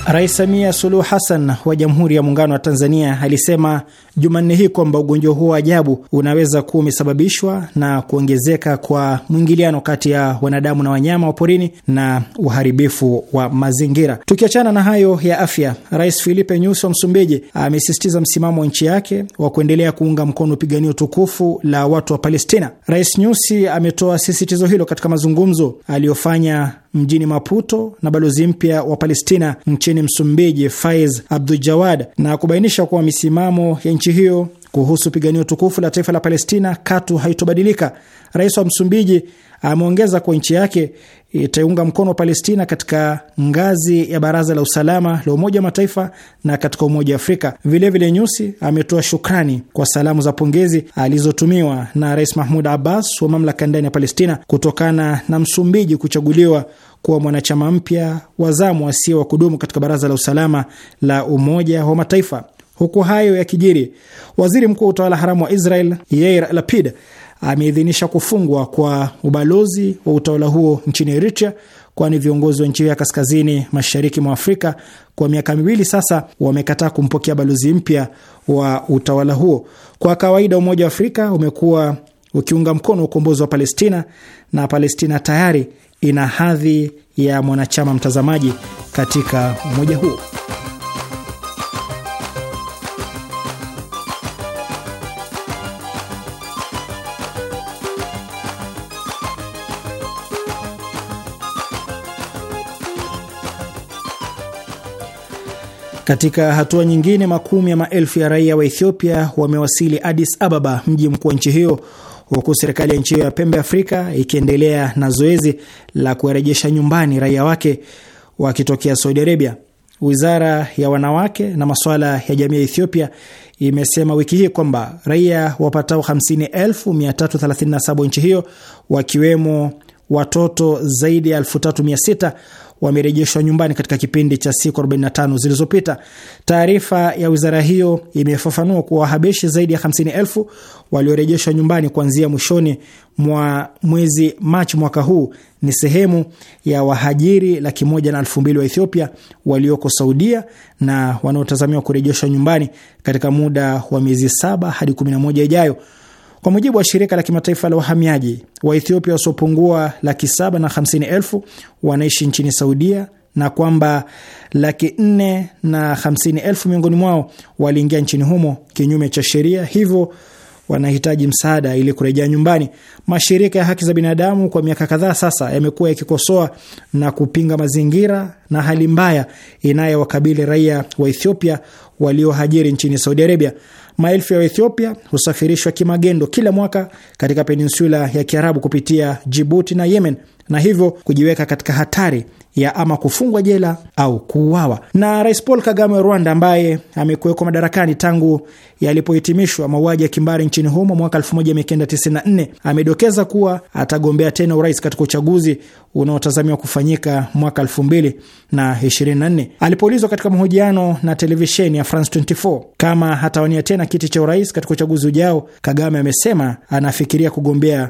Speaker 5: Rais Samia Suluhu Hassan wa Jamhuri ya Muungano wa Tanzania alisema Jumanne hii kwamba ugonjwa huo wa ajabu unaweza kuwa umesababishwa na kuongezeka kwa mwingiliano kati ya wanadamu na wanyama wa porini na uharibifu wa mazingira. Tukiachana na hayo ya afya, Rais Filipe Nyusi wa Msumbiji amesisitiza msimamo wa nchi yake wa kuendelea kuunga mkono piganio tukufu la watu wa Palestina. Rais Nyusi ametoa sisitizo hilo katika mazungumzo aliyofanya mjini Maputo na balozi mpya wa Palestina nchini Msumbiji, Faiz Abdujawad, na kubainisha kuwa misimamo ya nchi hiyo kuhusu piganio tukufu la taifa la Palestina katu haitobadilika. Rais wa Msumbiji ameongeza kuwa nchi yake itaiunga mkono wa Palestina katika ngazi ya Baraza la Usalama la Umoja wa Mataifa na katika Umoja wa Afrika. Vilevile, Nyusi ametoa shukrani kwa salamu za pongezi alizotumiwa na Rais Mahmud Abbas wa mamlaka ndani ya Palestina kutokana na Msumbiji kuchaguliwa kuwa mwanachama mpya wa zamu asiye wa kudumu katika Baraza la Usalama la Umoja wa Mataifa. Huku hayo ya kijiri, waziri mkuu wa utawala haramu wa Israel Yair Lapid ameidhinisha kufungwa kwa ubalozi wa utawala huo nchini Eritrea, kwani viongozi wa nchi hiyo ya kaskazini mashariki mwa Afrika kwa miaka miwili sasa wamekataa kumpokea balozi mpya wa utawala huo. Kwa kawaida, Umoja wa Afrika umekuwa ukiunga mkono ukombozi wa Palestina na Palestina tayari ina hadhi ya mwanachama mtazamaji katika umoja huo. Katika hatua nyingine, makumi ya maelfu ya raia wa Ethiopia wamewasili Addis Ababa, mji mkuu wa nchi hiyo, huku serikali ya nchi hiyo ya pembe Afrika ikiendelea na zoezi la kuwarejesha nyumbani raia wake wakitokea Saudi Arabia. Wizara ya wanawake na masuala ya jamii ya Ethiopia imesema wiki hii kwamba raia wapatao 50,337 nchi hiyo wakiwemo watoto zaidi ya 3600 wamerejeshwa nyumbani katika kipindi cha siku 45 zilizopita. Taarifa ya wizara hiyo imefafanua kuwa wahabeshi zaidi ya 50,000 waliorejeshwa nyumbani kuanzia mwishoni mwa mwezi Machi mwaka huu ni sehemu ya wahajiri laki moja na elfu mbili wa Ethiopia walioko Saudia na wanaotazamiwa kurejeshwa nyumbani katika muda wa miezi saba hadi 11 ijayo. Kwa mujibu wa shirika la kimataifa la uhamiaji, Waethiopia wasiopungua laki saba na hamsini elfu wanaishi nchini Saudia na kwamba laki nne na hamsini elfu miongoni mwao waliingia nchini humo kinyume cha sheria, hivyo wanahitaji msaada ili kurejea nyumbani. Mashirika ya haki za binadamu kwa miaka kadhaa sasa yamekuwa yakikosoa na kupinga mazingira na hali mbaya inayowakabili raia wa Ethiopia waliohajiri nchini Saudi Arabia. Maelfu ya Waethiopia husafirishwa kimagendo kila mwaka katika peninsula ya Kiarabu kupitia Jibuti na Yemen na hivyo kujiweka katika hatari ya ama kufungwa jela au kuuawa. Na Rais Paul Kagame wa Rwanda, ambaye amekuwekwa madarakani tangu yalipohitimishwa mauaji ya kimbari nchini humo mwaka 1994, amedokeza kuwa atagombea tena urais katika uchaguzi unaotazamiwa kufanyika mwaka 2024. Alipoulizwa katika mahojiano na televisheni ya France 24 kama atawania tena kiti cha urais katika uchaguzi ujao, Kagame amesema anafikiria kugombea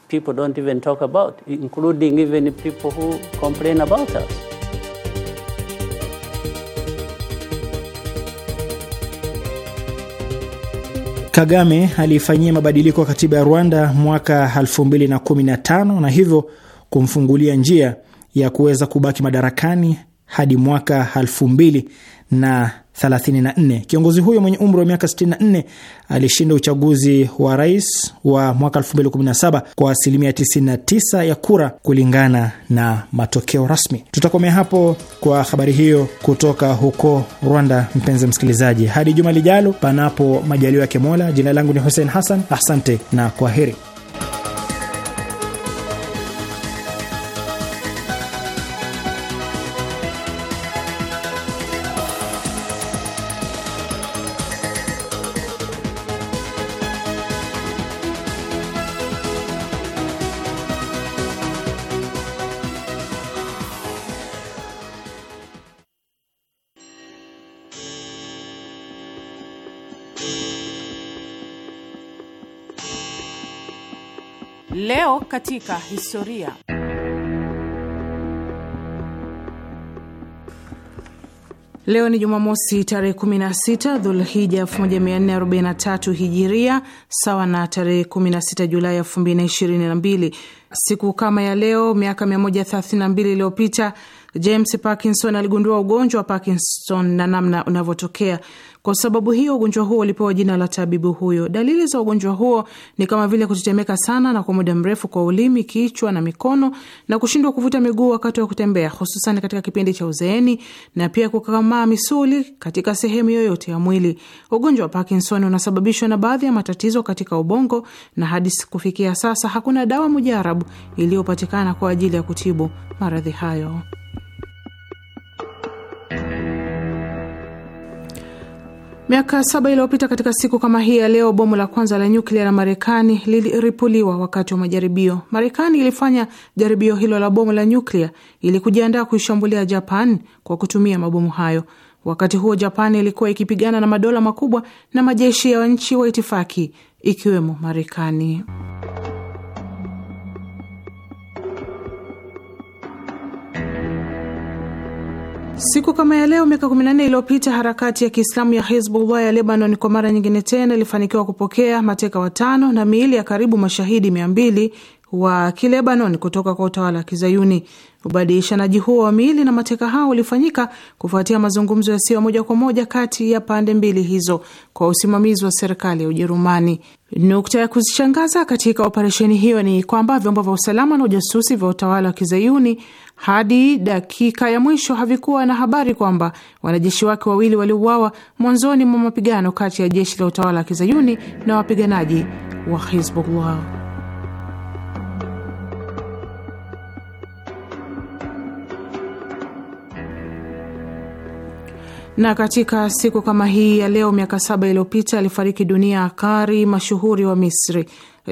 Speaker 6: people don't even talk about, including even people who complain about us.
Speaker 5: Kagame aliifanyia mabadiliko ya katiba ya Rwanda mwaka 2015 na hivyo kumfungulia njia ya kuweza kubaki madarakani hadi mwaka na 34. Kiongozi huyo mwenye umri wa miaka 64 alishinda uchaguzi wa rais wa mwaka 2017 kwa asilimia 99 ya kura kulingana na matokeo rasmi. Tutakomea hapo kwa habari hiyo kutoka huko Rwanda, mpenzi msikilizaji. Hadi juma lijalo, panapo majaliwa yake Mola. Jina langu ni Hussein Hassan, asante na kwa heri
Speaker 7: katika historia. Leo ni Jumamosi tarehe 16 Dhulhija 1443 Hijiria, sawa na tarehe 16 Julai 2022. Siku kama ya leo miaka 132 iliyopita James Parkinson aligundua ugonjwa wa Parkinson na namna unavyotokea. Kwa sababu hiyo, ugonjwa huo ulipewa jina la tabibu huyo. Dalili za ugonjwa huo ni kama vile kutetemeka sana na kwa muda mrefu kwa ulimi, kichwa na mikono, na kushindwa kuvuta miguu wakati wa kutembea, hususan katika kipindi cha uzeeni, na pia kukamaa misuli katika sehemu yoyote ya mwili. Ugonjwa wa Parkinson unasababishwa na baadhi ya matatizo katika ubongo, na hadi kufikia sasa hakuna dawa mujarabu iliyopatikana kwa ajili ya kutibu maradhi hayo. Miaka saba iliyopita katika siku kama hii ya leo, bomu la kwanza la nyuklia la Marekani liliripuliwa wakati wa majaribio. Marekani ilifanya jaribio hilo la bomu la nyuklia ili kujiandaa kuishambulia Japan kwa kutumia mabomu hayo. Wakati huo, Japan ilikuwa ikipigana na madola makubwa na majeshi ya nchi wa itifaki ikiwemo Marekani. Siku kama ya leo miaka 14 iliyopita harakati ya Kiislamu ya Hizbullah ya Lebanon kwa mara nyingine tena ilifanikiwa kupokea mateka watano na miili ya karibu mashahidi mia wa Kilebanon kutoka kwa utawala wa Kizayuni. Ubadilishanaji huo wa miili na mateka hao ulifanyika kufuatia mazungumzo yasiyo moja kwa moja kati ya pande mbili hizo kwa usimamizi wa serikali ya Ujerumani. Nukta ya kuzishangaza katika operesheni hiyo ni kwamba vyombo vya usalama na ujasusi vya utawala wa kizayuni hadi dakika ya mwisho havikuwa na habari kwamba wanajeshi wake wawili waliuawa mwanzoni mwa mapigano kati ya jeshi la utawala wa kizayuni na wapiganaji wa Hizbullah. Na katika siku kama hii ya leo miaka saba iliyopita alifariki dunia akari mashuhuri wa Misri,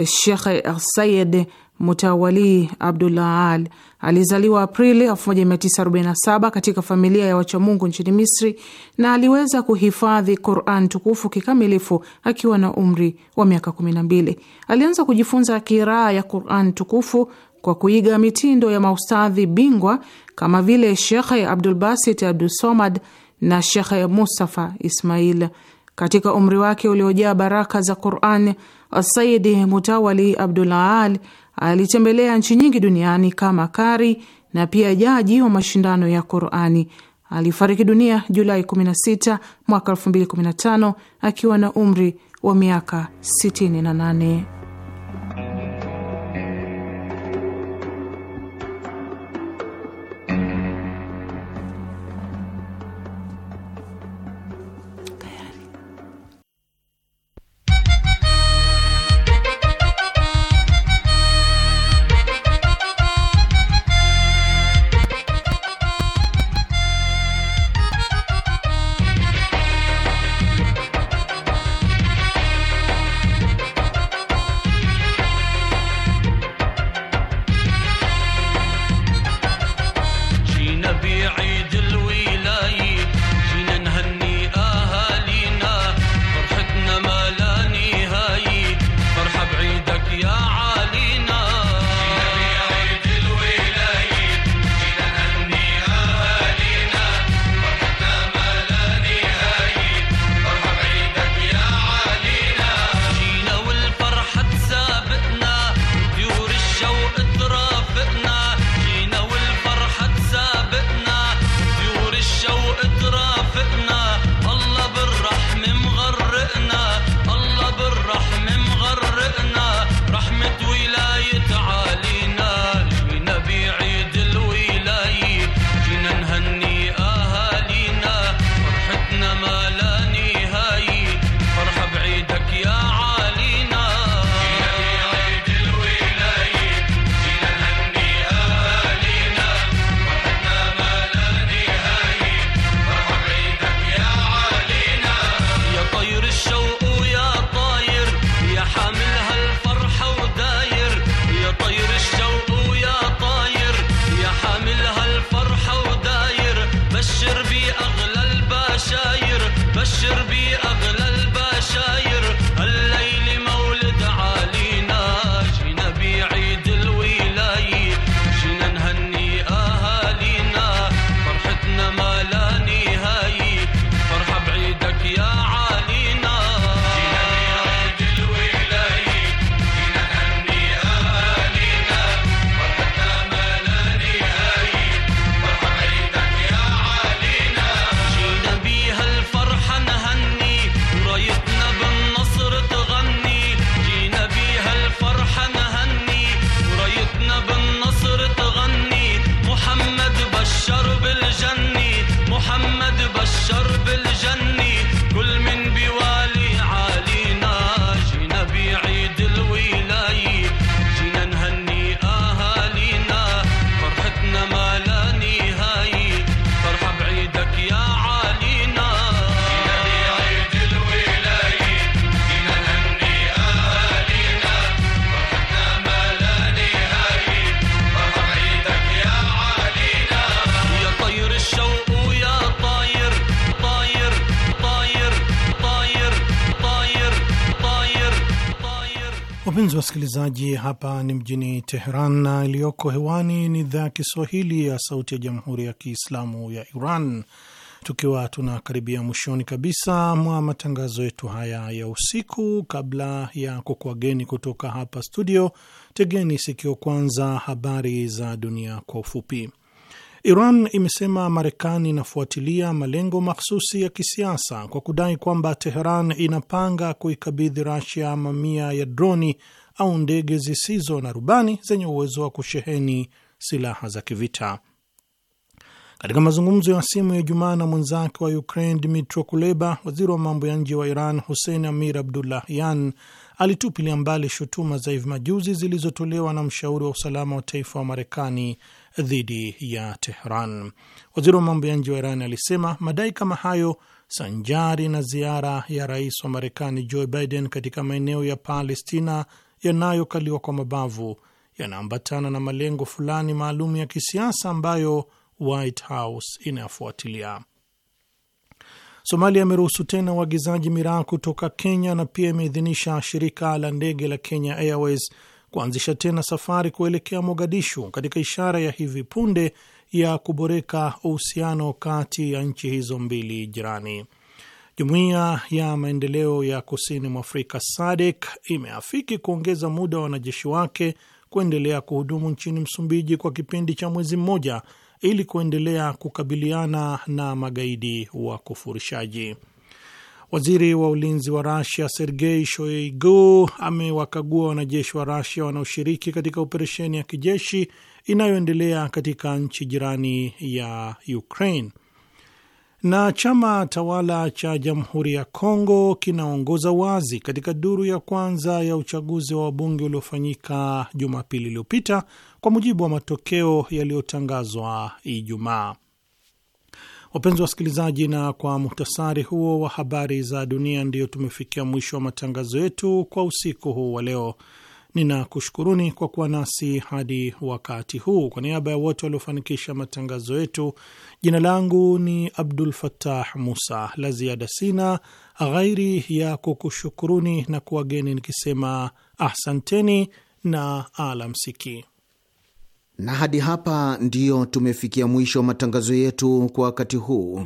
Speaker 7: Shekh Sayed Mutawali Abdullah Al. Alizaliwa Aprili 1947 katika familia ya wachamungu nchini Misri na aliweza kuhifadhi Quran tukufu kikamilifu akiwa na umri wa miaka 12. Alianza kujifunza kiraa ya Quran tukufu kwa kuiga mitindo ya maustadhi bingwa kama vile Shekhe Abdulbasit abdusomad na Shekhe Mustafa Ismail katika umri wake uliojaa baraka za Quran. Asayidi Mutawali aal alitembelea nchi nyingi duniani kama kari na pia jaji wa mashindano ya Qurani. Alifariki dunia Julai 16 mwaka 2015 akiwa na umri wa miaka 68.
Speaker 1: wasikilizaji, hapa ni mjini Teheran na iliyoko hewani ni idhaa ya Kiswahili ya Sauti ya Jamhuri ya Kiislamu ya Iran, tukiwa tunakaribia mwishoni kabisa mwa matangazo yetu haya ya usiku. Kabla ya kukuageni kutoka hapa studio, tegeni sikio kwanza habari za dunia kwa ufupi. Iran imesema Marekani inafuatilia malengo mahsusi ya kisiasa kwa kudai kwamba Teheran inapanga kuikabidhi Rasia mamia ya droni au ndege zisizo na rubani zenye uwezo wa kusheheni silaha za kivita. Katika mazungumzo ya simu ya Ijumaa na mwenzake wa Ukraine dmitro Kuleba, waziri wa mambo ya nje wa Iran Hussein Amir Abdullahian alitupilia mbali shutuma za hivi majuzi zilizotolewa na mshauri wa usalama wa taifa wa Marekani dhidi ya Tehran. Waziri wa mambo ya nje wa Iran alisema madai kama hayo, sanjari na ziara ya rais wa Marekani Joe Biden katika maeneo ya Palestina yanayokaliwa kwa mabavu yanaambatana na malengo fulani maalum ya kisiasa ambayo White House inayafuatilia. Somalia imeruhusu tena uagizaji miraa kutoka Kenya na pia imeidhinisha shirika la ndege la Kenya Airways kuanzisha tena safari kuelekea Mogadishu katika ishara ya hivi punde ya kuboreka uhusiano kati ya nchi hizo mbili jirani. Jumuiya ya maendeleo ya kusini mwa Afrika SADC imeafiki kuongeza muda wa wanajeshi wake kuendelea kuhudumu nchini Msumbiji kwa kipindi cha mwezi mmoja ili kuendelea kukabiliana na magaidi wa kufurishaji. Waziri wa ulinzi wa Rasia Sergei Shoigu amewakagua wanajeshi wa Rasia wanaoshiriki katika operesheni ya kijeshi inayoendelea katika nchi jirani ya Ukraine na chama tawala cha Jamhuri ya Kongo kinaongoza wazi katika duru ya kwanza ya uchaguzi wa wabunge uliofanyika Jumapili iliyopita kwa mujibu wa matokeo yaliyotangazwa Ijumaa. Wapenzi wa wasikilizaji, na kwa muhtasari huo wa habari za dunia, ndiyo tumefikia mwisho wa matangazo yetu kwa usiku huu wa leo. Ninakushukuruni kwa kuwa nasi hadi wakati huu. Kwa niaba ya wote waliofanikisha matangazo yetu, jina langu ni Abdul Fattah Musa. La ziada sina ghairi ya kukushukuruni na kuwageni nikisema ahsanteni na alamsiki.
Speaker 4: Na hadi hapa ndiyo tumefikia mwisho wa matangazo yetu kwa wakati huu.